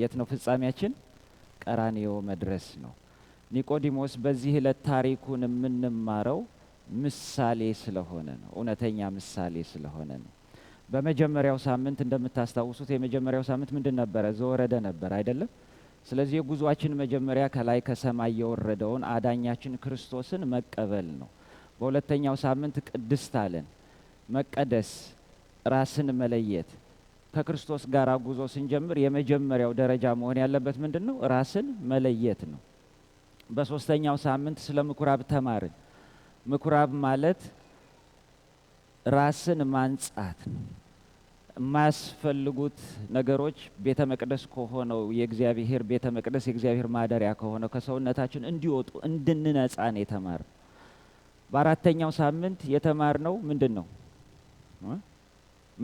የት ነው ፍጻሜያችን? ቀራኒዮ መድረስ ነው። ኒቆዲሞስ በዚህ ዕለት ታሪኩን የምንማረው ምሳሌ ስለሆነ ነው። እውነተኛ ምሳሌ ስለሆነ ነው። በመጀመሪያው ሳምንት እንደምታስታውሱት የመጀመሪያው ሳምንት ምንድን ነበረ? ዘወረደ ነበር አይደለም? ስለዚህ የጉዟችን መጀመሪያ ከላይ ከሰማይ የወረደውን አዳኛችን ክርስቶስን መቀበል ነው። በሁለተኛው ሳምንት ቅድስት አለን፣ መቀደስ፣ ራስን መለየት ከክርስቶስ ጋር ጉዞ ስንጀምር የመጀመሪያው ደረጃ መሆን ያለበት ምንድን ነው? ራስን መለየት ነው። በሶስተኛው ሳምንት ስለ ምኩራብ ተማርን። ምኩራብ ማለት ራስን ማንጻት ነው። የማያስፈልጉት ነገሮች ቤተ መቅደስ ከሆነው የእግዚአብሔር ቤተ መቅደስ የእግዚአብሔር ማደሪያ ከሆነው ከሰውነታችን እንዲወጡ እንድንነጻ ነው የተማርነው። በአራተኛው ሳምንት የተማርነው ምንድን ነው?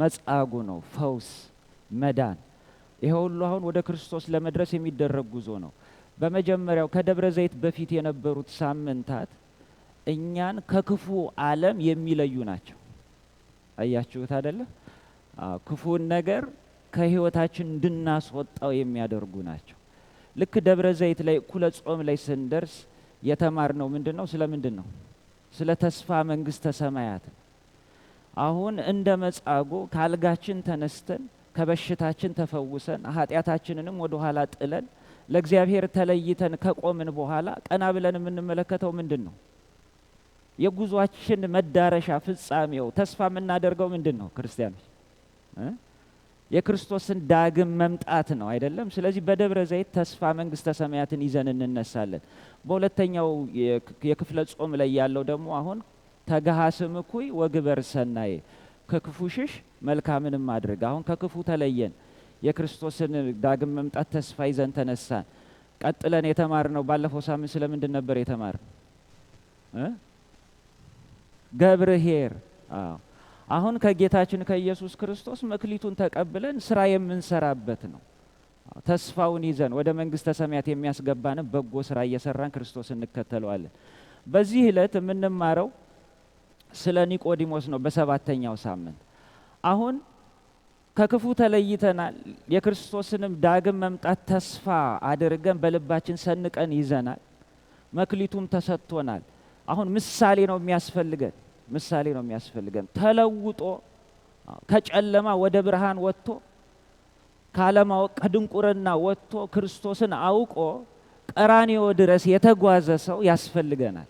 መጻጉ ነው፣ ፈውስ መዳን። ይሄ ሁሉ አሁን ወደ ክርስቶስ ለመድረስ የሚደረግ ጉዞ ነው። በመጀመሪያው ከደብረ ዘይት በፊት የነበሩት ሳምንታት እኛን ከክፉ ዓለም የሚለዩ ናቸው። አያችሁት አደለ? ክፉን ነገር ከህይወታችን እንድናስወጣው የሚያደርጉ ናቸው። ልክ ደብረ ዘይት ላይ እኩለ ጾም ላይ ስንደርስ የተማርነው ምንድን ነው? ስለ ምንድን ነው? ስለ ተስፋ መንግስተ ሰማያት አሁን እንደ መጻጎ ከአልጋችን ተነስተን ከበሽታችን ተፈውሰን ኃጢአታችንንም ወደ ኋላ ጥለን ለእግዚአብሔር ተለይተን ከቆምን በኋላ ቀና ብለን የምንመለከተው ምንድን ነው? የጉዟችን መዳረሻ ፍጻሜው፣ ተስፋ የምናደርገው ምንድን ነው? ክርስቲያኖች የክርስቶስን ዳግም መምጣት ነው አይደለም? ስለዚህ በደብረ ዘይት ተስፋ መንግስተ ሰማያትን ይዘን እንነሳለን። በሁለተኛው የክፍለ ጾም ላይ ያለው ደግሞ አሁን ተገሃስም እኩይ ወግበር ሰናዬ ከክፉ ሽሽ መልካምንም ማድረግ። አሁን ከክፉ ተለየን፣ የክርስቶስን ዳግም መምጣት ተስፋ ይዘን ተነሳን። ቀጥለን የተማርነው ባለፈው ሳምንት ስለምንድን ነበር የተማርነው? ገብርሄር አሁን ከጌታችን ከኢየሱስ ክርስቶስ መክሊቱን ተቀብለን ስራ የምንሰራበት ነው። ተስፋውን ይዘን ወደ መንግስተ ሰማያት የሚያስገባንን በጎ ስራ እየሰራን ክርስቶስ እንከተለዋለን። በዚህ ዕለት የምንማረው ስለ ኒቆዲሞስ ነው በሰባተኛው ሳምንት። አሁን ከክፉ ተለይተናል። የክርስቶስንም ዳግም መምጣት ተስፋ አድርገን በልባችን ሰንቀን ይዘናል። መክሊቱም ተሰጥቶናል። አሁን ምሳሌ ነው የሚያስፈልገን፣ ምሳሌ ነው የሚያስፈልገን። ተለውጦ ከጨለማ ወደ ብርሃን ወጥቶ ካለማወቅ ከድንቁርና ወጥቶ ክርስቶስን አውቆ ቀራንዮ ድረስ የተጓዘ ሰው ያስፈልገናል።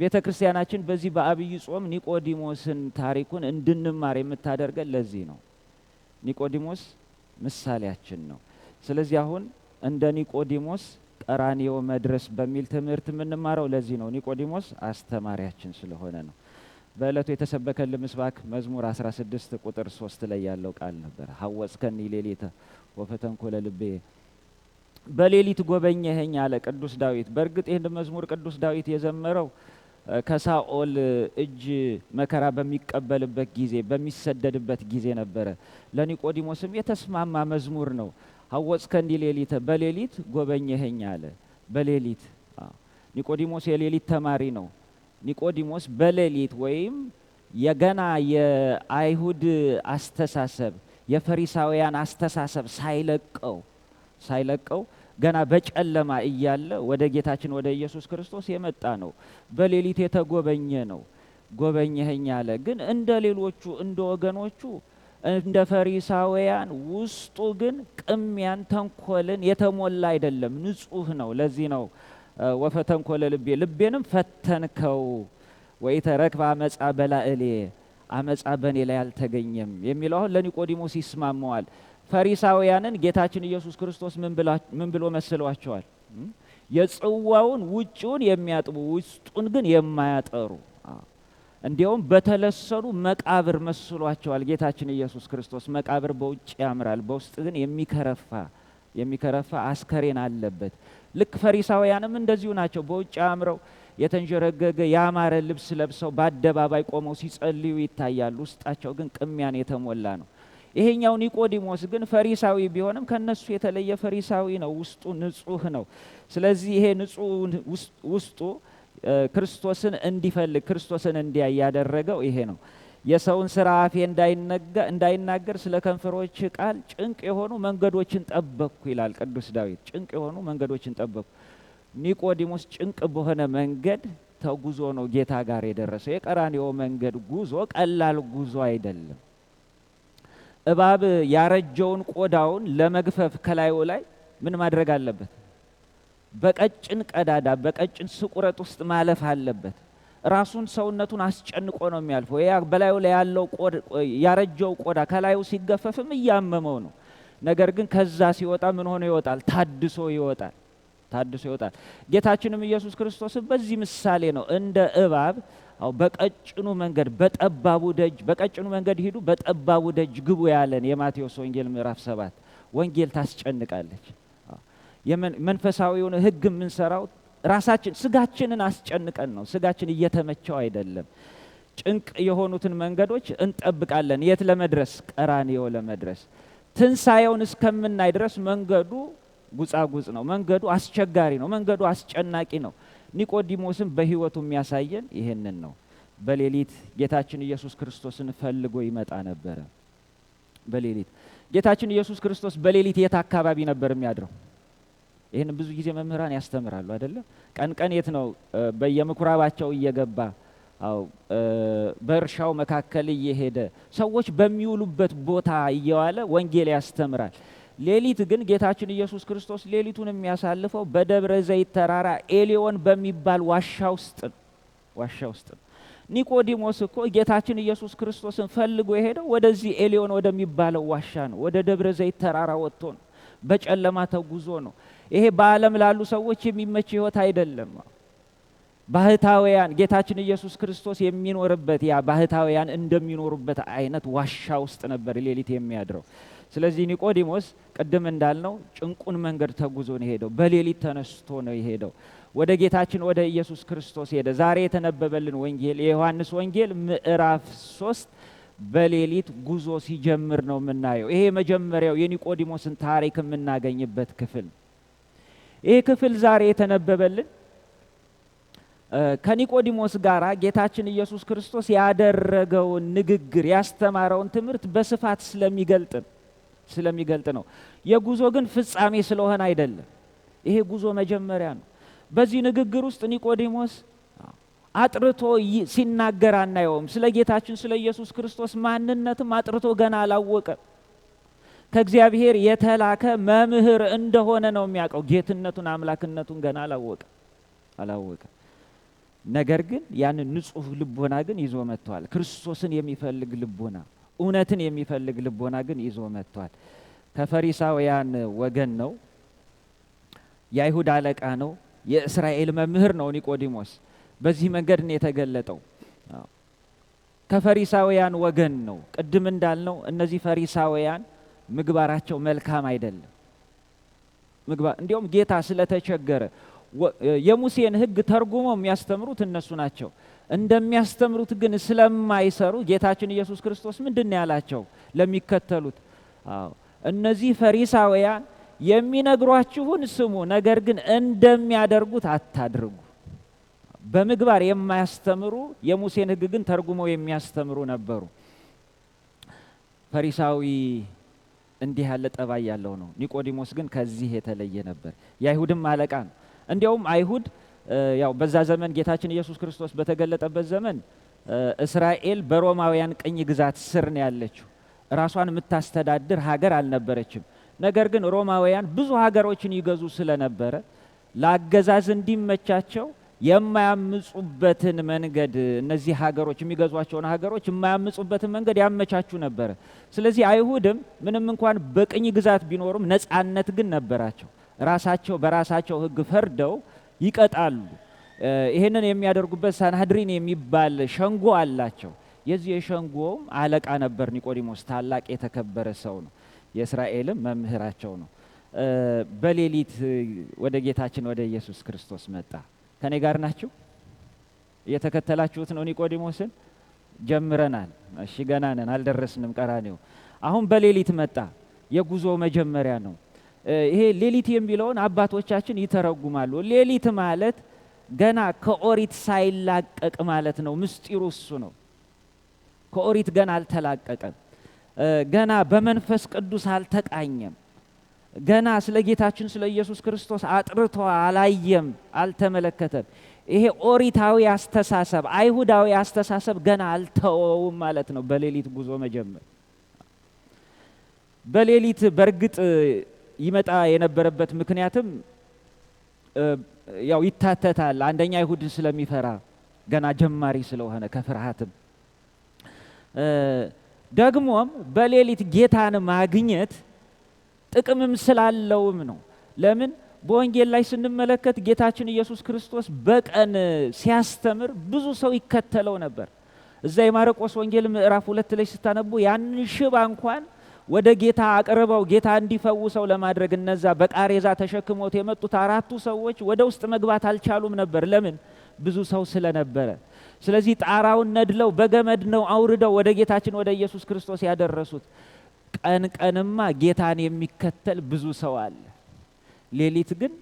ቤተ ክርስቲያናችን በዚህ በአብይ ጾም ኒቆዲሞስን ታሪኩን እንድንማር የምታደርገን ለዚህ ነው። ኒቆዲሞስ ምሳሌያችን ነው። ስለዚህ አሁን እንደ ኒቆዲሞስ ቀራኒዮ መድረስ በሚል ትምህርት የምንማረው ለዚህ ነው። ኒቆዲሞስ አስተማሪያችን ስለሆነ ነው። በእለቱ የተሰበከን ምስባክ መዝሙር 16 ቁጥር 3 ላይ ያለው ቃል ነበር። ሀወጽከኒ ሌሊተ ወፈተንኮለ ልቤ በሌሊት ጎበኘኸኝ አለ ቅዱስ ዳዊት። በእርግጥ ይህን መዝሙር ቅዱስ ዳዊት የዘመረው ከሳኦል እጅ መከራ በሚቀበልበት ጊዜ በሚሰደድበት ጊዜ ነበረ። ለኒቆዲሞስም የተስማማ መዝሙር ነው። ሀወጽከኒ ሌሊተ፣ በሌሊት ጎበኘኸኝ አለ። በሌሊት ኒቆዲሞስ የሌሊት ተማሪ ነው። ኒቆዲሞስ በሌሊት ወይም የገና የአይሁድ አስተሳሰብ የፈሪሳውያን አስተሳሰብ ሳይለቀው ሳይለቀው ገና በጨለማ እያለ ወደ ጌታችን ወደ ኢየሱስ ክርስቶስ የመጣ ነው። በሌሊት የተጎበኘ ነው። ጎበኘኸኝ አለ። ግን እንደ ሌሎቹ እንደ ወገኖቹ እንደ ፈሪሳውያን ውስጡ ግን ቅሚያን፣ ተንኮልን የተሞላ አይደለም፣ ንጹህ ነው። ለዚህ ነው ወፈተንኮለ ልቤ ልቤንም ፈተንከው ወኢተረክበ አመፃ በላእሌ አመፃ በኔ ላይ አልተገኘም የሚለው አሁን ለኒቆዲሞስ ይስማመዋል። ፈሪሳውያንን ጌታችን ኢየሱስ ክርስቶስ ምን ብሎ መስሏቸዋል? የጽዋውን ውጭውን የሚያጥቡ ውስጡን ግን የማያጠሩ እንዲያውም በተለሰኑ መቃብር መስሏቸዋል። ጌታችን ኢየሱስ ክርስቶስ መቃብር በውጭ ያምራል፣ በውስጥ ግን የሚከረፋ የሚከረፋ አስከሬን አለበት። ልክ ፈሪሳውያንም እንደዚሁ ናቸው። በውጭ አምረው የተንዠረገገ ያማረ ልብስ ለብሰው በአደባባይ ቆመው ሲጸልዩ ይታያሉ። ውስጣቸው ግን ቅሚያን የተሞላ ነው። ይሄኛው ኒቆዲሞስ ግን ፈሪሳዊ ቢሆንም ከነሱ የተለየ ፈሪሳዊ ነው። ውስጡ ንጹህ ነው። ስለዚህ ይሄ ንጹህ ውስጡ ክርስቶስን እንዲፈልግ ክርስቶስን እንዲያይ ያደረገው ይሄ ነው። የሰውን ስራ አፌ እንዳይናገር ስለ ከንፈሮች ቃል ጭንቅ የሆኑ መንገዶችን ጠበቅኩ ይላል ቅዱስ ዳዊት። ጭንቅ የሆኑ መንገዶችን ጠበቅኩ። ኒቆዲሞስ ጭንቅ በሆነ መንገድ ተጉዞ ነው ጌታ ጋር የደረሰው። የቀራንዮ መንገድ ጉዞ ቀላል ጉዞ አይደለም። እባብ ያረጀውን ቆዳውን ለመግፈፍ ከላዩ ላይ ምን ማድረግ አለበት? በቀጭን ቀዳዳ በቀጭን ስቁረት ውስጥ ማለፍ አለበት። ራሱን ሰውነቱን አስጨንቆ ነው የሚያልፈው። በላዩ ላይ ያለው ያረጀው ቆዳ ከላዩ ሲገፈፍም እያመመው ነው። ነገር ግን ከዛ ሲወጣ ምን ሆኖ ይወጣል? ታድሶ ይወጣል። ታድሶ ይወጣል። ጌታችንም ኢየሱስ ክርስቶስም በዚህ ምሳሌ ነው እንደ እባብ አው በቀጭኑ መንገድ በጠባቡ ደጅ በቀጭኑ መንገድ ሂዱ፣ በጠባቡ ደጅ ግቡ ያለን የማቴዎስ ወንጌል ምዕራፍ ሰባት ወንጌል ታስጨንቃለች። መንፈሳዊውን ህግ የምንሰራው ራሳችን ስጋችንን አስጨንቀን ነው። ስጋችን እየተመቸው አይደለም። ጭንቅ የሆኑትን መንገዶች እንጠብቃለን። የት ለመድረስ? ቀራንዮ ለመድረስ። ትንሣኤውን እስከምናይ ድረስ መንገዱ ጉጻጉጽ ነው። መንገዱ አስቸጋሪ ነው። መንገዱ አስጨናቂ ነው። ኒቆዲሞስም በህይወቱ የሚያሳየን ይህንን ነው። በሌሊት ጌታችን ኢየሱስ ክርስቶስን ፈልጎ ይመጣ ነበረ። በሌሊት ጌታችን ኢየሱስ ክርስቶስ በሌሊት የት አካባቢ ነበር የሚያድረው? ይህን ብዙ ጊዜ መምህራን ያስተምራሉ አይደለም። ቀን ቀን የት ነው? በየምኩራባቸው እየገባ አው በእርሻው መካከል እየሄደ ሰዎች በሚውሉበት ቦታ እየዋለ ወንጌል ያስተምራል። ሌሊት ግን ጌታችን ኢየሱስ ክርስቶስ ሌሊቱን የሚያሳልፈው በደብረ ዘይት ተራራ ኤሊዮን በሚባል ዋሻ ውስጥ ዋሻ ውስጥ ነው። ኒቆዲሞስ እኮ ጌታችን ኢየሱስ ክርስቶስን ፈልጎ የሄደው ወደዚህ ኤሊዮን ወደሚባለው ዋሻ ነው። ወደ ደብረ ዘይት ተራራ ወጥቶ ነው። በጨለማ ተጉዞ ነው። ይሄ በዓለም ላሉ ሰዎች የሚመች ህይወት አይደለም። ባህታውያን ጌታችን ኢየሱስ ክርስቶስ የሚኖርበት ያ ባህታውያን እንደሚኖሩበት አይነት ዋሻ ውስጥ ነበር ሌሊት የሚያድረው። ስለዚህ ኒቆዲሞስ ቅድም እንዳልነው ጭንቁን መንገድ ተጉዞ ነው የሄደው። በሌሊት ተነስቶ ነው የሄደው። ወደ ጌታችን ወደ ኢየሱስ ክርስቶስ ሄደ። ዛሬ የተነበበልን ወንጌል የዮሐንስ ወንጌል ምዕራፍ ሶስት በሌሊት ጉዞ ሲጀምር ነው የምናየው። ይሄ የመጀመሪያው የኒቆዲሞስን ታሪክ የምናገኝበት ክፍል። ይሄ ክፍል ዛሬ የተነበበልን ከኒቆዲሞስ ጋር ጌታችን ኢየሱስ ክርስቶስ ያደረገውን ንግግር ያስተማረውን ትምህርት በስፋት ስለሚገልጥ ስለሚገልጥ ነው። የጉዞ ግን ፍጻሜ ስለሆነ አይደለም። ይሄ ጉዞ መጀመሪያ ነው። በዚህ ንግግር ውስጥ ኒቆዲሞስ አጥርቶ ሲናገር አናየውም። ስለ ጌታችን ስለ ኢየሱስ ክርስቶስ ማንነትም አጥርቶ ገና አላወቀም። ከእግዚአብሔር የተላከ መምህር እንደሆነ ነው የሚያውቀው። ጌትነቱን አምላክነቱን ገና አላወቀ አላወቀ። ነገር ግን ያንን ንጹሕ ልቦና ግን ይዞ መጥተዋል። ክርስቶስን የሚፈልግ ልቦና እውነትን የሚፈልግ ልቦና ግን ይዞ መጥቷል። ከፈሪሳውያን ወገን ነው። የአይሁድ አለቃ ነው። የእስራኤል መምህር ነው ኒቆዲሞስ። በዚህ መንገድ ነው የተገለጠው። ከፈሪሳውያን ወገን ነው። ቅድም እንዳልነው እነዚህ ፈሪሳውያን ምግባራቸው መልካም አይደለም። ምግባር እንዲያውም ጌታ ስለተቸገረ የሙሴን ህግ ተርጉመው የሚያስተምሩት እነሱ ናቸው። እንደሚያስተምሩት ግን ስለማይሰሩ ጌታችን ኢየሱስ ክርስቶስ ምንድን ያላቸው ለሚከተሉት? አዎ እነዚህ ፈሪሳውያን የሚነግሯችሁን ስሙ፣ ነገር ግን እንደሚያደርጉት አታድርጉ። በምግባር የማያስተምሩ የሙሴን ህግ ግን ተርጉመው የሚያስተምሩ ነበሩ። ፈሪሳዊ እንዲህ ያለ ጠባይ ያለው ነው። ኒቆዲሞስ ግን ከዚህ የተለየ ነበር። የአይሁድም አለቃ ነው። እንዲያውም አይሁድ ያው በዛ ዘመን ጌታችን ኢየሱስ ክርስቶስ በተገለጠበት ዘመን እስራኤል በሮማውያን ቅኝ ግዛት ስር ነው ያለችው። ራሷን የምታስተዳድር ሀገር አልነበረችም። ነገር ግን ሮማውያን ብዙ ሀገሮችን ይገዙ ስለነበረ ለአገዛዝ እንዲመቻቸው የማያምፁበትን መንገድ እነዚህ ሀገሮች የሚገዟቸውን ሀገሮች የማያምፁበትን መንገድ ያመቻቹ ነበረ። ስለዚህ አይሁድም ምንም እንኳን በቅኝ ግዛት ቢኖሩም ነፃነት ግን ነበራቸው። ራሳቸው በራሳቸው ህግ ፈርደው ይቀጣሉ። ይህንን የሚያደርጉበት ሳናድሪን የሚባል ሸንጎ አላቸው። የዚህ የሸንጎም አለቃ ነበር ኒቆዲሞስ፣ ታላቅ የተከበረ ሰው ነው። የእስራኤልም መምህራቸው ነው። በሌሊት ወደ ጌታችን ወደ ኢየሱስ ክርስቶስ መጣ። ከኔ ጋር ናችሁ? እየተከተላችሁት ነው ኒቆዲሞስን? ጀምረናል። እሺ፣ ገና ነን፣ አልደረስንም ቀራኔው። አሁን በሌሊት መጣ። የጉዞ መጀመሪያ ነው። ይሄ ሌሊት የሚለውን አባቶቻችን ይተረጉማሉ። ሌሊት ማለት ገና ከኦሪት ሳይላቀቅ ማለት ነው። ምስጢሩ እሱ ነው። ከኦሪት ገና አልተላቀቀም። ገና በመንፈስ ቅዱስ አልተቃኘም። ገና ስለ ጌታችን ስለ ኢየሱስ ክርስቶስ አጥርቶ አላየም፣ አልተመለከተም። ይሄ ኦሪታዊ አስተሳሰብ፣ አይሁዳዊ አስተሳሰብ ገና አልተወውም ማለት ነው። በሌሊት ጉዞ መጀመር በሌሊት በእርግጥ ይመጣ የነበረበት ምክንያትም ያው ይታተታል። አንደኛ ይሁድን ስለሚፈራ ገና ጀማሪ ስለሆነ ከፍርሃትም ደግሞም በሌሊት ጌታን ማግኘት ጥቅምም ስላለውም ነው። ለምን በወንጌል ላይ ስንመለከት ጌታችን ኢየሱስ ክርስቶስ በቀን ሲያስተምር ብዙ ሰው ይከተለው ነበር። እዛ የማርቆስ ወንጌል ምዕራፍ ሁለት ላይ ስታነቡ ያን ሽባ እንኳን ወደ ጌታ አቅርበው ጌታ እንዲፈውሰው ለማድረግ እነዛ በቃሬዛ ተሸክሞት የመጡት አራቱ ሰዎች ወደ ውስጥ መግባት አልቻሉም ነበር። ለምን? ብዙ ሰው ስለነበረ። ስለዚህ ጣራውን ነድለው በገመድ ነው አውርደው ወደ ጌታችን ወደ ኢየሱስ ክርስቶስ ያደረሱት። ቀን ቀንማ ጌታን የሚከተል ብዙ ሰው አለ። ሌሊት ግን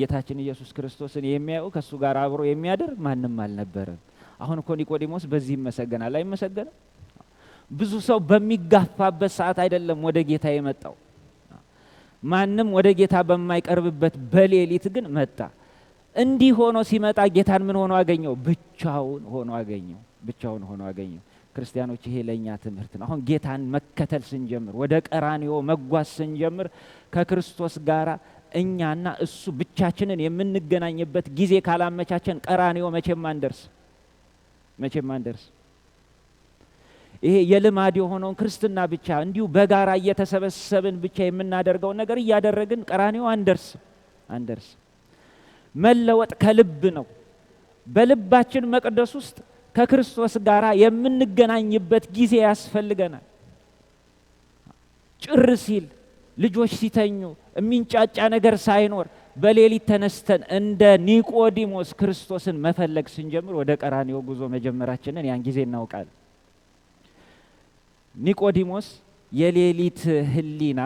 ጌታችን ኢየሱስ ክርስቶስን የሚያዩ ከእሱ ጋር አብሮ የሚያደርግ ማንም አልነበረም። አሁን እኮ ኒቆዲሞስ በዚህ ይመሰገናል፣ አይመሰገንም? ብዙ ሰው በሚጋፋበት ሰዓት አይደለም ወደ ጌታ የመጣው። ማንም ወደ ጌታ በማይቀርብበት በሌሊት ግን መጣ። እንዲህ ሆኖ ሲመጣ ጌታን ምን ሆኖ አገኘው? ብቻውን ሆኖ አገኘው። ብቻውን ሆኖ አገኘው። ክርስቲያኖች ይሄ ለእኛ ትምህርት ነው። አሁን ጌታን መከተል ስንጀምር፣ ወደ ቀራኒዮ መጓዝ ስንጀምር ከክርስቶስ ጋር እኛና እሱ ብቻችንን የምንገናኝበት ጊዜ ካላመቻቸን ቀራኒዮ መቼም አንደርስ፣ መቼም አንደርስ። ይሄ የልማድ የሆነውን ክርስትና ብቻ እንዲሁ በጋራ እየተሰበሰብን ብቻ የምናደርገውን ነገር እያደረግን ቀራኔው አንደርስም አንደርስም። መለወጥ ከልብ ነው። በልባችን መቅደስ ውስጥ ከክርስቶስ ጋር የምንገናኝበት ጊዜ ያስፈልገናል። ጭር ሲል ልጆች ሲተኙ የሚንጫጫ ነገር ሳይኖር በሌሊት ተነስተን እንደ ኒቆዲሞስ ክርስቶስን መፈለግ ስንጀምር ወደ ቀራኔው ጉዞ መጀመራችንን ያን ጊዜ እናውቃለን። ኒቆዲሞስ የሌሊት ህሊና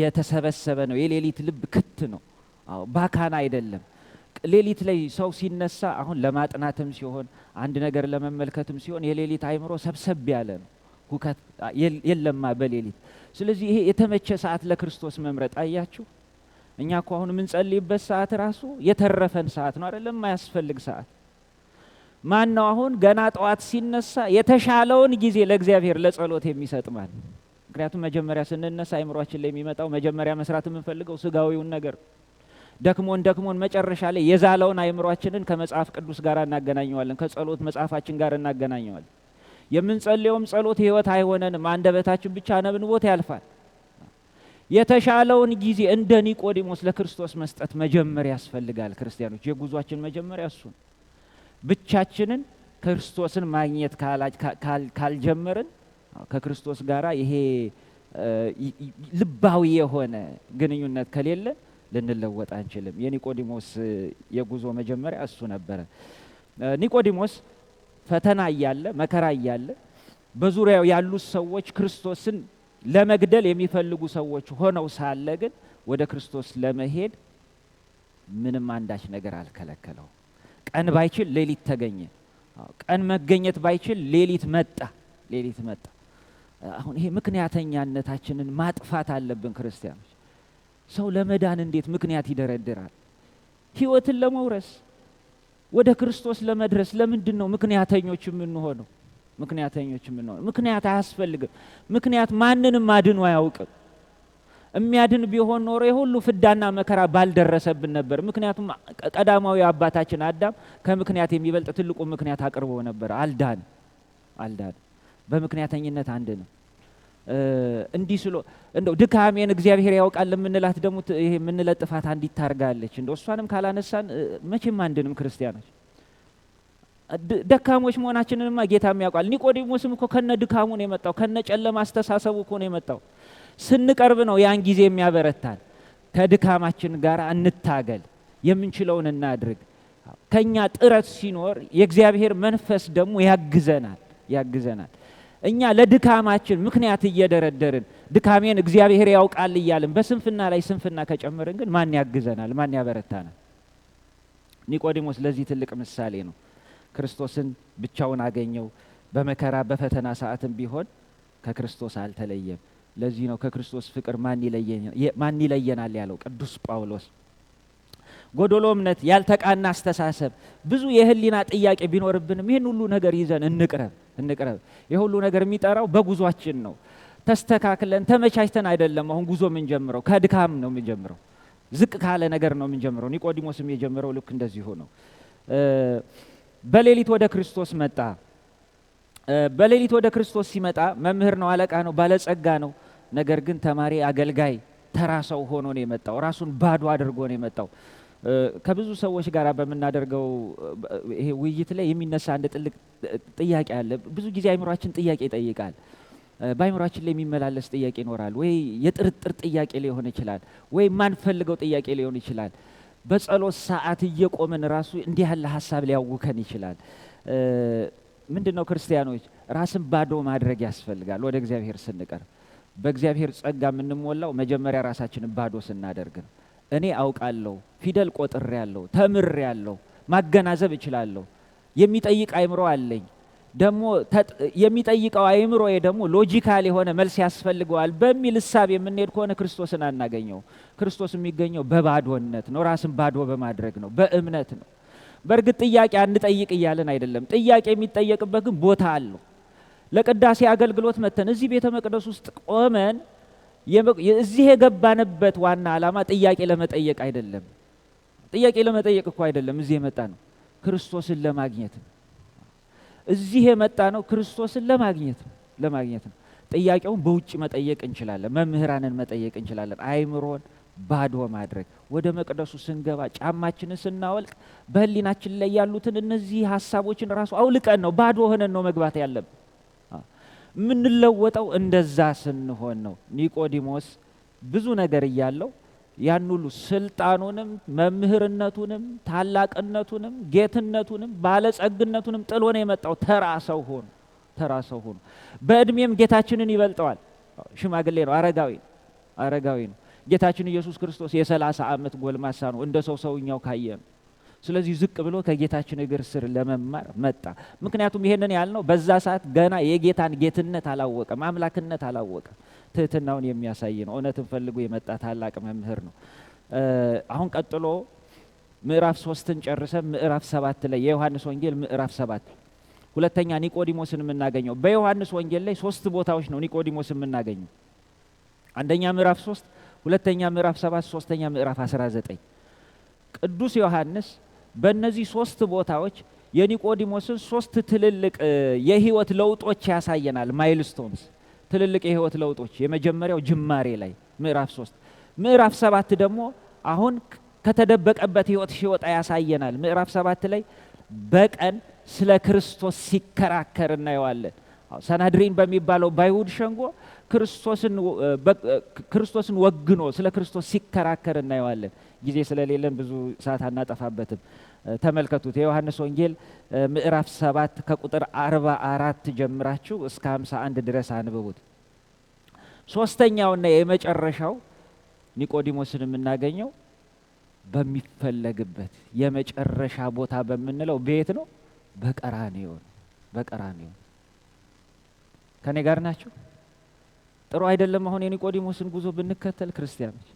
የተሰበሰበ ነው። የሌሊት ልብ ክት ነው፣ ባካና አይደለም። ሌሊት ላይ ሰው ሲነሳ አሁን ለማጥናትም ሲሆን አንድ ነገር ለመመልከትም ሲሆን የሌሊት አይምሮ ሰብሰብ ያለ ነው፣ ሁከት የለማ በሌሊት። ስለዚህ ይሄ የተመቸ ሰዓት ለክርስቶስ መምረጥ አያችሁ። እኛ እኮ አሁን የምንጸልይበት ሰዓት ራሱ የተረፈን ሰዓት ነው አይደለም፣ የማያስፈልግ ሰዓት ማን ነው አሁን ገና ጠዋት ሲነሳ የተሻለውን ጊዜ ለእግዚአብሔር ለጸሎት የሚሰጥ ማን? ምክንያቱም መጀመሪያ ስንነሳ አይምሯችን ላይ የሚመጣው መጀመሪያ መስራት የምንፈልገው ስጋዊውን ነገር ደክሞን ደክሞን መጨረሻ ላይ የዛለውን አይምሯችንን ከመጽሐፍ ቅዱስ ጋር እናገናኘዋለን፣ ከጸሎት መጽሐፋችን ጋር እናገናኘዋለን። የምንጸልየውም ጸሎት ህይወት አይሆነንም፣ አንደበታችን ብቻ ነብንቦት ያልፋል። የተሻለውን ጊዜ እንደ ኒቆዲሞስ ለክርስቶስ መስጠት መጀመሪያ ያስፈልጋል። ክርስቲያኖች የጉዟችን መጀመሪያ እሱ ነው። ብቻችንን ክርስቶስን ማግኘት ካልጀመርን ከክርስቶስ ጋራ ይሄ ልባዊ የሆነ ግንኙነት ከሌለ ልንለወጥ አንችልም። የኒቆዲሞስ የጉዞ መጀመሪያ እሱ ነበረ። ኒቆዲሞስ ፈተና እያለ መከራ እያለ በዙሪያው ያሉት ሰዎች ክርስቶስን ለመግደል የሚፈልጉ ሰዎች ሆነው ሳለ ግን ወደ ክርስቶስ ለመሄድ ምንም አንዳች ነገር አልከለከለው ቀን ባይችል ሌሊት ተገኘ። ቀን መገኘት ባይችል ሌሊት መጣ ሌሊት መጣ። አሁን ይሄ ምክንያተኛነታችንን ማጥፋት አለብን ክርስቲያኖች። ሰው ለመዳን እንዴት ምክንያት ይደረድራል? ህይወትን ለመውረስ ወደ ክርስቶስ ለመድረስ ለምንድን ነው ምክንያተኞች የምንሆነው? ምክንያተኞች የምንሆነው ምክንያት አያስፈልግም። ምክንያት ማንንም አድኖ አያውቅም። የሚያድን ቢሆን ኖሮ የሁሉ ፍዳና መከራ ባልደረሰብን ነበር። ምክንያቱም ቀዳማዊ አባታችን አዳም ከምክንያት የሚበልጥ ትልቁ ምክንያት አቅርቦ ነበር። አልዳን አልዳን በምክንያተኝነት አንድ ነው። እንዲህ ስሎ እንደው ድካሜን እግዚአብሔር ያውቃል ለምንላት ደግሞ ይሄ የምንለጥፋት አንዲት ታርጋለች። እንደ እሷንም ካላነሳን መቼም አንድንም ክርስቲያኖች ደካሞች መሆናችንንማ ጌታም ያውቃል። ኒቆዲሞስም እኮ ከነ ድካሙ ነው የመጣው። ከነ ጨለማ አስተሳሰቡ እኮ ነው የመጣው። ስንቀርብ ነው ያን ጊዜ የሚያበረታን። ከድካማችን ጋር እንታገል፣ የምንችለውን እናድርግ። ከኛ ጥረት ሲኖር የእግዚአብሔር መንፈስ ደግሞ ያግዘናል ያግዘናል። እኛ ለድካማችን ምክንያት እየደረደርን ድካሜን እግዚአብሔር ያውቃል እያልን በስንፍና ላይ ስንፍና ከጨመርን ግን ማን ያግዘናል? ማን ያበረታናል? ኒቆዲሞስ ለዚህ ትልቅ ምሳሌ ነው። ክርስቶስን ብቻውን አገኘው። በመከራ በፈተና ሰዓትም ቢሆን ከክርስቶስ አልተለየም። ለዚህ ነው ከክርስቶስ ፍቅር ማን ይለየናል ያለው ቅዱስ ጳውሎስ። ጎዶሎ እምነት፣ ያልተቃና አስተሳሰብ፣ ብዙ የህሊና ጥያቄ ቢኖርብንም ይህን ሁሉ ነገር ይዘን እንቅረብ እንቅረብ። ይህ ሁሉ ነገር የሚጠራው በጉዟችን ነው። ተስተካክለን ተመቻችተን አይደለም። አሁን ጉዞ የምንጀምረው ከድካም ነው የምንጀምረው፣ ዝቅ ካለ ነገር ነው የምንጀምረው። ኒቆዲሞስም የጀመረው ልክ እንደዚሁ ነው። በሌሊት ወደ ክርስቶስ መጣ በሌሊት ወደ ክርስቶስ ሲመጣ መምህር ነው፣ አለቃ ነው፣ ባለጸጋ ነው። ነገር ግን ተማሪ፣ አገልጋይ፣ ተራ ሰው ሆኖ ነው የመጣው። ራሱን ባዶ አድርጎ ነው የመጣው። ከብዙ ሰዎች ጋር በምናደርገው ይሄ ውይይት ላይ የሚነሳ አንድ ጥልቅ ጥያቄ አለ። ብዙ ጊዜ አይምሯችን ጥያቄ ይጠይቃል። በአይምሯችን ላይ የሚመላለስ ጥያቄ ይኖራል። ወይ የጥርጥር ጥያቄ ሊሆን ይችላል፣ ወይ የማንፈልገው ጥያቄ ሊሆን ይችላል። በጸሎት ሰዓት እየቆመን ራሱ እንዲህ ያለ ሀሳብ ሊያውከን ይችላል። ምንድን ነው ክርስቲያኖች፣ ራስን ባዶ ማድረግ ያስፈልጋል። ወደ እግዚአብሔር ስንቀርብ በእግዚአብሔር ጸጋ የምንሞላው መጀመሪያ ራሳችንን ባዶ ስናደርግ ነው። እኔ አውቃለሁ፣ ፊደል ቆጥር ያለው፣ ተምር ያለው ማገናዘብ እችላለሁ፣ የሚጠይቅ አይምሮ አለኝ። ደግሞ የሚጠይቀው አይምሮ ደግሞ ሎጂካል የሆነ መልስ ያስፈልገዋል በሚል እሳቤ የምንሄድ ከሆነ ክርስቶስን አናገኘው። ክርስቶስ የሚገኘው በባዶነት ነው፣ ራስን ባዶ በማድረግ ነው፣ በእምነት ነው። በእርግጥ ጥያቄ አንጠይቅ እያለን አይደለም። ጥያቄ የሚጠየቅበት ግን ቦታ አለው። ለቅዳሴ አገልግሎት መተን እዚህ ቤተ መቅደስ ውስጥ ቆመን እዚህ የገባንበት ዋና ዓላማ ጥያቄ ለመጠየቅ አይደለም። ጥያቄ ለመጠየቅ እኮ አይደለም እዚህ የመጣ ነው፣ ክርስቶስን ለማግኘት ነው። እዚህ የመጣ ነው፣ ክርስቶስን ለማግኘት ለማግኘት ነው። ጥያቄውን በውጭ መጠየቅ እንችላለን፣ መምህራንን መጠየቅ እንችላለን፣ አይምሮን ባዶ ማድረግ። ወደ መቅደሱ ስንገባ ጫማችንን ስናወልቅ በህሊናችን ላይ ያሉትን እነዚህ ሀሳቦችን ራሱ አውልቀን ነው ባዶ ሆነን ነው መግባት ያለብን። የምንለወጠው እንደዛ ስንሆን ነው። ኒቆዲሞስ ብዙ ነገር እያለው ያን ሁሉ ስልጣኑንም መምህርነቱንም ታላቅነቱንም ጌትነቱንም ባለጸግነቱንም ጥሎ ነው የመጣው። ተራ ሰው ሆኖ ተራ ሰው ሆኖ በእድሜም ጌታችንን ይበልጠዋል። ሽማግሌ ነው፣ አረጋዊ አረጋዊ ነው። ጌታችን ኢየሱስ ክርስቶስ የሰላሳ ዓመት ጎልማሳ ነው፣ እንደ ሰው ሰውኛው ካየ ነው። ስለዚህ ዝቅ ብሎ ከጌታችን እግር ስር ለመማር መጣ። ምክንያቱም ይሄንን ያልነው በዛ ሰዓት ገና የጌታን ጌትነት አላወቀም፣ አምላክነት አላወቀም። ትህትናውን የሚያሳይ ነው። እውነትን ፈልጎ የመጣ ታላቅ መምህር ነው። አሁን ቀጥሎ ምዕራፍ ሶስትን ጨርሰን ምዕራፍ ሰባት ላይ የዮሐንስ ወንጌል ምዕራፍ ሰባት ሁለተኛ ኒቆዲሞስን የምናገኘው በዮሐንስ ወንጌል ላይ ሶስት ቦታዎች ነው ኒቆዲሞስ የምናገኘው። አንደኛ ምዕራፍ ሶስት ሁለተኛ ምዕራፍ 7፣ ሶስተኛ ምዕራፍ 19 ቅዱስ ዮሐንስ በእነዚህ ሶስት ቦታዎች የኒቆዲሞስን ሶስት ትልልቅ የህይወት ለውጦች ያሳየናል። ማይልስቶንስ ትልልቅ የህይወት ለውጦች የመጀመሪያው ጅማሬ ላይ ምዕራፍ ሶስት ምዕራፍ ሰባት ደግሞ አሁን ከተደበቀበት ህይወት ሲወጣ ያሳየናል። ምዕራፍ ሰባት ላይ በቀን ስለ ክርስቶስ ሲከራከር እናየዋለን። ሰናድሪን በሚባለው ባይሁድ ሸንጎ ክርስቶስን ወግኖ ስለ ክርስቶስ ሲከራከር እናየዋለን። ጊዜ ስለሌለን ብዙ ሰዓት አናጠፋበትም። ተመልከቱት የዮሐንስ ወንጌል ምዕራፍ ሰባት ከቁጥር አርባ አራት ጀምራችሁ እስከ ሀምሳ አንድ ድረስ አንብቡት። ሶስተኛውና የመጨረሻው ኒቆዲሞስን የምናገኘው በሚፈለግበት የመጨረሻ ቦታ በምንለው ቤት ነው። በቀራንዮ በቀራንዮ ከኔ ጋር ናችሁ። ጥሩ አይደለም። አሁን የኒቆዲሞስን ጉዞ ብንከተል ክርስቲያኖች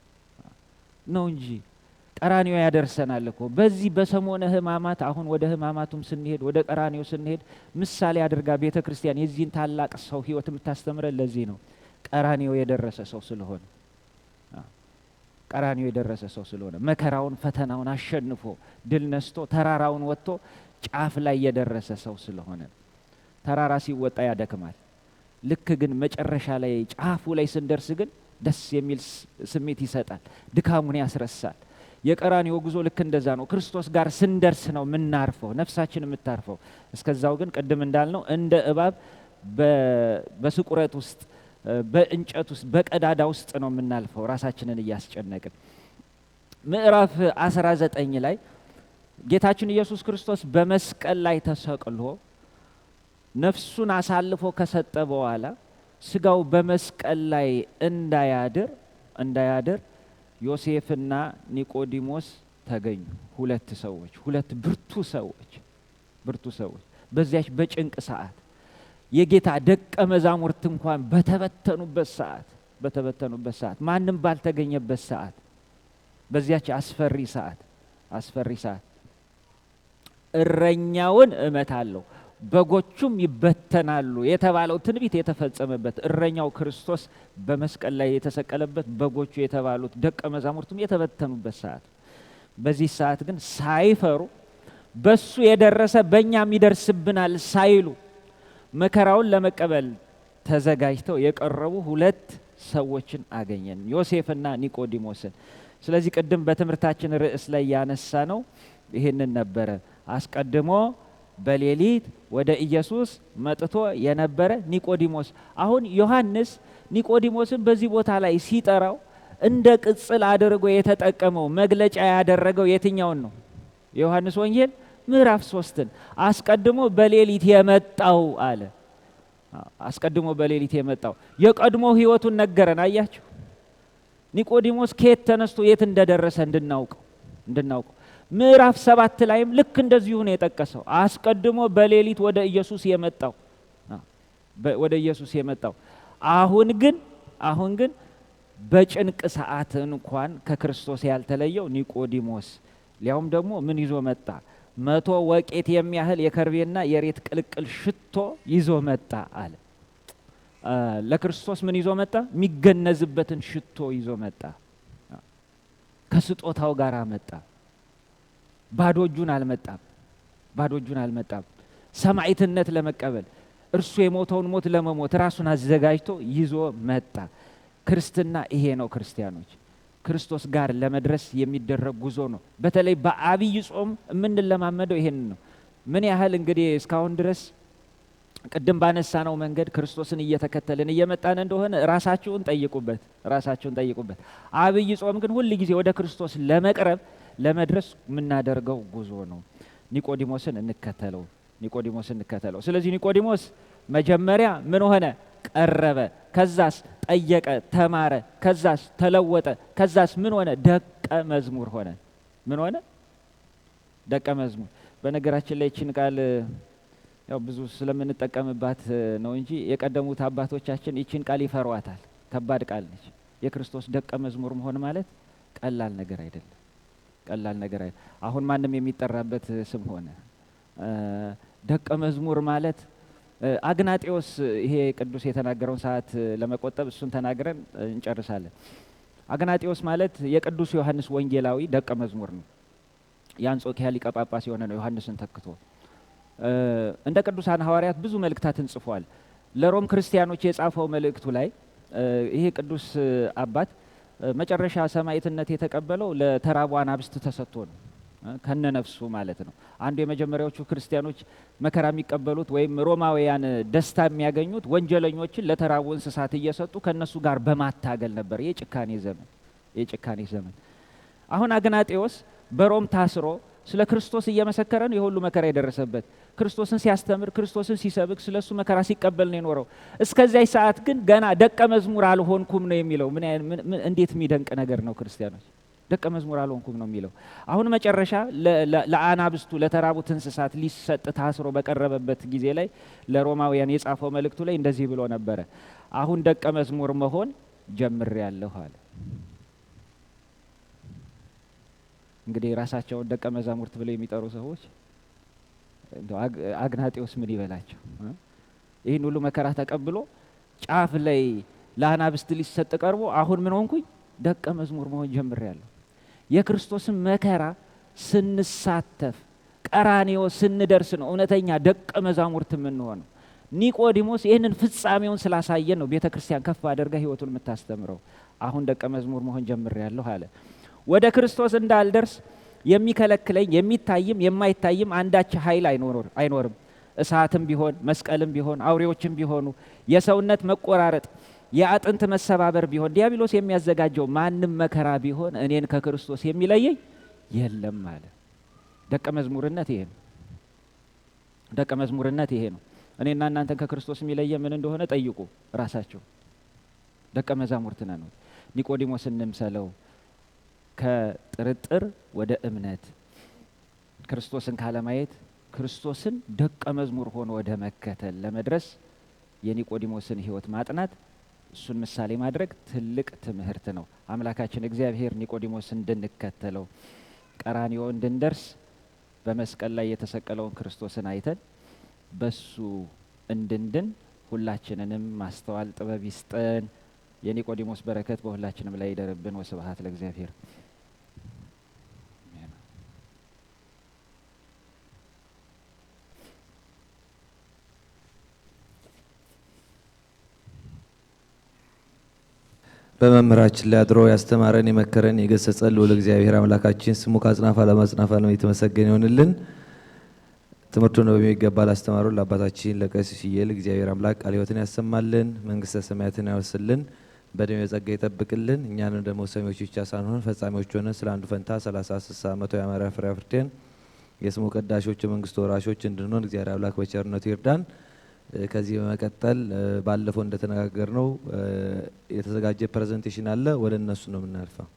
ነው እንጂ ቀራኒዮ ያደርሰናል እኮ በዚህ በሰሞነ ሕማማት አሁን ወደ ሕማማቱም ስንሄድ ወደ ቀራኒዮ ስንሄድ ምሳሌ አድርጋ ቤተ ክርስቲያን የዚህን ታላቅ ሰው ሕይወት የምታስተምረን ለዚህ ነው። ቀራኒዮ የደረሰ ሰው ስለሆነ ቀራኒዮ የደረሰ ሰው ስለሆነ መከራውን ፈተናውን አሸንፎ ድል ነስቶ ተራራውን ወጥቶ ጫፍ ላይ የደረሰ ሰው ስለሆነ ተራራ ሲወጣ ያደክማል። ልክ ግን መጨረሻ ላይ ጫፉ ላይ ስንደርስ ግን ደስ የሚል ስሜት ይሰጣል፣ ድካሙን ያስረሳል። የቀራን ጉዞ ልክ እንደዛ ነው። ክርስቶስ ጋር ስንደርስ ነው የምናርፈው፣ ነፍሳችን የምታርፈው። እስከዛው ግን ቅድም እንዳልነው እንደ እባብ በስቁረት ውስጥ በእንጨት ውስጥ በቀዳዳ ውስጥ ነው የምናልፈው ራሳችንን እያስጨነቅን። ምዕራፍ 19 ላይ ጌታችን ኢየሱስ ክርስቶስ በመስቀል ላይ ተሰቅሎ ነፍሱን አሳልፎ ከሰጠ በኋላ ስጋው በመስቀል ላይ እንዳያድር እንዳያድር ዮሴፍና ኒቆዲሞስ ተገኙ። ሁለት ሰዎች ሁለት ብርቱ ሰዎች ብርቱ ሰዎች በዚያች በጭንቅ ሰዓት የጌታ ደቀ መዛሙርት እንኳን በተበተኑበት ሰዓት በተበተኑበት ሰዓት ማንም ባልተገኘበት ሰዓት በዚያች አስፈሪ ሰዓት አስፈሪ ሰዓት እረኛውን እመታለሁ በጎቹም ይበተናሉ የተባለው ትንቢት የተፈጸመበት እረኛው ክርስቶስ በመስቀል ላይ የተሰቀለበት በጎቹ የተባሉት ደቀ መዛሙርቱም የተበተኑበት ሰዓት። በዚህ ሰዓት ግን ሳይፈሩ በሱ የደረሰ በእኛም ይደርስብናል ሳይሉ መከራውን ለመቀበል ተዘጋጅተው የቀረቡ ሁለት ሰዎችን አገኘን፣ ዮሴፍና ኒቆዲሞስን። ስለዚህ ቅድም በትምህርታችን ርዕስ ላይ ያነሳ ነው ይህንን ነበረ አስቀድሞ በሌሊት ወደ ኢየሱስ መጥቶ የነበረ ኒቆዲሞስ። አሁን ዮሐንስ ኒቆዲሞስን በዚህ ቦታ ላይ ሲጠራው እንደ ቅጽል አድርጎ የተጠቀመው መግለጫ ያደረገው የትኛውን ነው? የዮሐንስ ወንጌል ምዕራፍ ሶስትን አስቀድሞ በሌሊት የመጣው አለ። አስቀድሞ በሌሊት የመጣው የቀድሞ ህይወቱን ነገረን። አያችሁ ኒቆዲሞስ ከየት ተነስቶ የት እንደደረሰ እንድናውቀው እንድናውቀው ምዕራፍ ሰባት ላይም ልክ እንደዚሁ ነው የጠቀሰው። አስቀድሞ በሌሊት ወደ ኢየሱስ የመጣው ወደ ኢየሱስ የመጣው አሁን ግን አሁን ግን በጭንቅ ሰዓት እንኳን ከክርስቶስ ያልተለየው ኒቆዲሞስ ሊያውም ደግሞ ምን ይዞ መጣ? መቶ ወቄት የሚያህል የከርቤና የሬት ቅልቅል ሽቶ ይዞ መጣ አለ። ለክርስቶስ ምን ይዞ መጣ? የሚገነዝበትን ሽቶ ይዞ መጣ። ከስጦታው ጋር መጣ። ባዶ እጁን አልመጣም። ባዶ እጁን አልመጣም። ሰማዕትነት ለመቀበል እርሱ የሞተውን ሞት ለመሞት ራሱን አዘጋጅቶ ይዞ መጣ። ክርስትና ይሄ ነው። ክርስቲያኖች ክርስቶስ ጋር ለመድረስ የሚደረግ ጉዞ ነው። በተለይ በአብይ ጾም የምንለማመደው ይሄንን ነው። ምን ያህል እንግዲህ እስካሁን ድረስ ቅድም ባነሳ ነው መንገድ ክርስቶስን እየተከተልን እየመጣን እንደሆነ ራሳችሁን ጠይቁበት፣ ራሳችሁን ጠይቁበት። አብይ ጾም ግን ሁል ጊዜ ወደ ክርስቶስ ለመቅረብ ለመድረስ የምናደርገው ጉዞ ነው። ኒቆዲሞስን እንከተለው፣ ኒቆዲሞስን እንከተለው። ስለዚህ ኒቆዲሞስ መጀመሪያ ምን ሆነ? ቀረበ። ከዛስ ጠየቀ፣ ተማረ። ከዛስ ተለወጠ። ከዛስ ምን ሆነ? ደቀ መዝሙር ሆነ። ምን ሆነ? ደቀ መዝሙር። በነገራችን ላይ ይችን ቃል ያው ብዙ ስለምንጠቀምባት ነው እንጂ የቀደሙት አባቶቻችን ይችን ቃል ይፈሯታል። ከባድ ቃል ነች። የክርስቶስ ደቀ መዝሙር መሆን ማለት ቀላል ነገር አይደለም። ቀላል ነገር አሁን ማንም የሚጠራበት ስም ሆነ። ደቀ መዝሙር ማለት አግናጤዎስ ይሄ ቅዱስ የተናገረውን ሰዓት ለመቆጠብ እሱን ተናግረን እንጨርሳለን። አግናጤዎስ ማለት የቅዱስ ዮሐንስ ወንጌላዊ ደቀ መዝሙር ነው። የአንጾኪያ ሊቀ ጳጳስ የሆነ ነው ዮሐንስን ተክቶ። እንደ ቅዱሳን ሐዋርያት ብዙ መልእክታትን ጽፏል። ለሮም ክርስቲያኖች የጻፈው መልእክቱ ላይ ይሄ ቅዱስ አባት መጨረሻ ሰማዕትነት የተቀበለው ለተራቡ አናብስት ተሰጥቶ ነው፣ ነፍሱ ማለት ነው። አንዱ የመጀመሪያዎቹ ክርስቲያኖች መከራ የሚቀበሉት ወይም ሮማውያን ደስታ የሚያገኙት ወንጀለኞችን ለተራቡ እንስሳት እየሰጡ ከነሱ ጋር በማታገል ነበር። የጭካኔ ዘመን የጭካኔ ዘመን። አሁን አግናጤዎስ በሮም ታስሮ ስለ ክርስቶስ እየመሰከረን የሁሉ መከራ የደረሰበት ክርስቶስን ሲያስተምር፣ ክርስቶስን ሲሰብክ፣ ስለ እሱ መከራ ሲቀበል ነው የኖረው። እስከዚያ ሰዓት ግን ገና ደቀ መዝሙር አልሆንኩም ነው የሚለው። እንዴት የሚደንቅ ነገር ነው! ክርስቲያኖች ደቀ መዝሙር አልሆንኩም ነው የሚለው። አሁን መጨረሻ ለአናብስቱ ለተራቡት እንስሳት ሊሰጥ ታስሮ በቀረበበት ጊዜ ላይ ለሮማውያን የጻፈው መልእክቱ ላይ እንደዚህ ብሎ ነበረ፣ አሁን ደቀ መዝሙር መሆን ያለሁ አለ። እንግዲህ ራሳቸውን ደቀ መዛሙርት ብለው የሚጠሩ ሰዎች አግናጤዎስ ምን ይበላቸው? ይህን ሁሉ መከራ ተቀብሎ ጫፍ ላይ ለአናብስት ሊሰጥ ቀርቦ አሁን ምን ሆንኩኝ? ደቀ መዝሙር መሆን ጀምሬያለሁ። የክርስቶስን መከራ ስንሳተፍ ቀራኔዎ ስንደርስ ነው እውነተኛ ደቀ መዛሙርት የምንሆነው። ኒቆዲሞስ ይህንን ፍጻሜውን ስላሳየን ነው ቤተ ክርስቲያን ከፍ አድርጋ ህይወቱን የምታስተምረው። አሁን ደቀ መዝሙር መሆን ጀምሬያለሁ አለ። ወደ ክርስቶስ እንዳልደርስ የሚከለክለኝ የሚታይም የማይታይም አንዳች ኃይል አይኖርም። እሳትም ቢሆን መስቀልም ቢሆን አውሬዎችም ቢሆኑ የሰውነት መቆራረጥ የአጥንት መሰባበር ቢሆን ዲያብሎስ የሚያዘጋጀው ማንም መከራ ቢሆን እኔን ከክርስቶስ የሚለየኝ የለም አለ። ደቀ መዝሙርነት ይሄ ነው። ደቀ መዝሙርነት ይሄ ነው። እኔና እናንተን ከክርስቶስ የሚለየ ምን እንደሆነ ጠይቁ ራሳቸው። ደቀ መዛሙርት ነን። ኒቆዲሞስ እንምሰለው ከጥርጥር ወደ እምነት ክርስቶስን ካለማየት ክርስቶስን ደቀ መዝሙር ሆኖ ወደ መከተል ለመድረስ የኒቆዲሞስን ሕይወት ማጥናት እሱን ምሳሌ ማድረግ ትልቅ ትምህርት ነው። አምላካችን እግዚአብሔር ኒቆዲሞስ እንድንከተለው ቀራኒዮ እንድንደርስ በመስቀል ላይ የተሰቀለውን ክርስቶስን አይተን በሱ እንድንድን ሁላችንንም ማስተዋል ጥበብ ይስጠን። የኒቆዲሞስ በረከት በሁላችንም ላይ ይደርብን። ወስብሐት ለእግዚአብሔር። በመምህራችን ላይ አድሮ ያስተማረን የመከረን የገሰጸን ልዑል እግዚአብሔር አምላካችን ስሙ ከአጽናፍ ለማጽናፍ ነው የተመሰገነ ይሆንልን። ትምህርቱ ነው በሚገባ ላስተማሩን ለአባታችን ለቀሲስ ሽየል እግዚአብሔር አምላክ ቃለ ሕይወትን ያሰማልን፣ መንግስተ ሰማያትን ያወርስልን፣ በእድሜ የጸጋ ይጠብቅልን። እኛንም ደግሞ ሰሚዎች ብቻ ሳንሆን ፈጻሚዎች ሆነን ስለ አንዱ ፈንታ ሰላሳ ስሳ መቶ ያማረ ፍሬ አፍርተን የስሙ ቀዳሾች የመንግስቱ ወራሾች እንድንሆን እግዚአብሔር አምላክ በቸርነቱ ይርዳን። ከዚህ በመቀጠል ባለፈው እንደተነጋገር ነው የተዘጋጀ ፕሬዘንቴሽን አለ። ወደ እነሱ ነው የምናልፈው።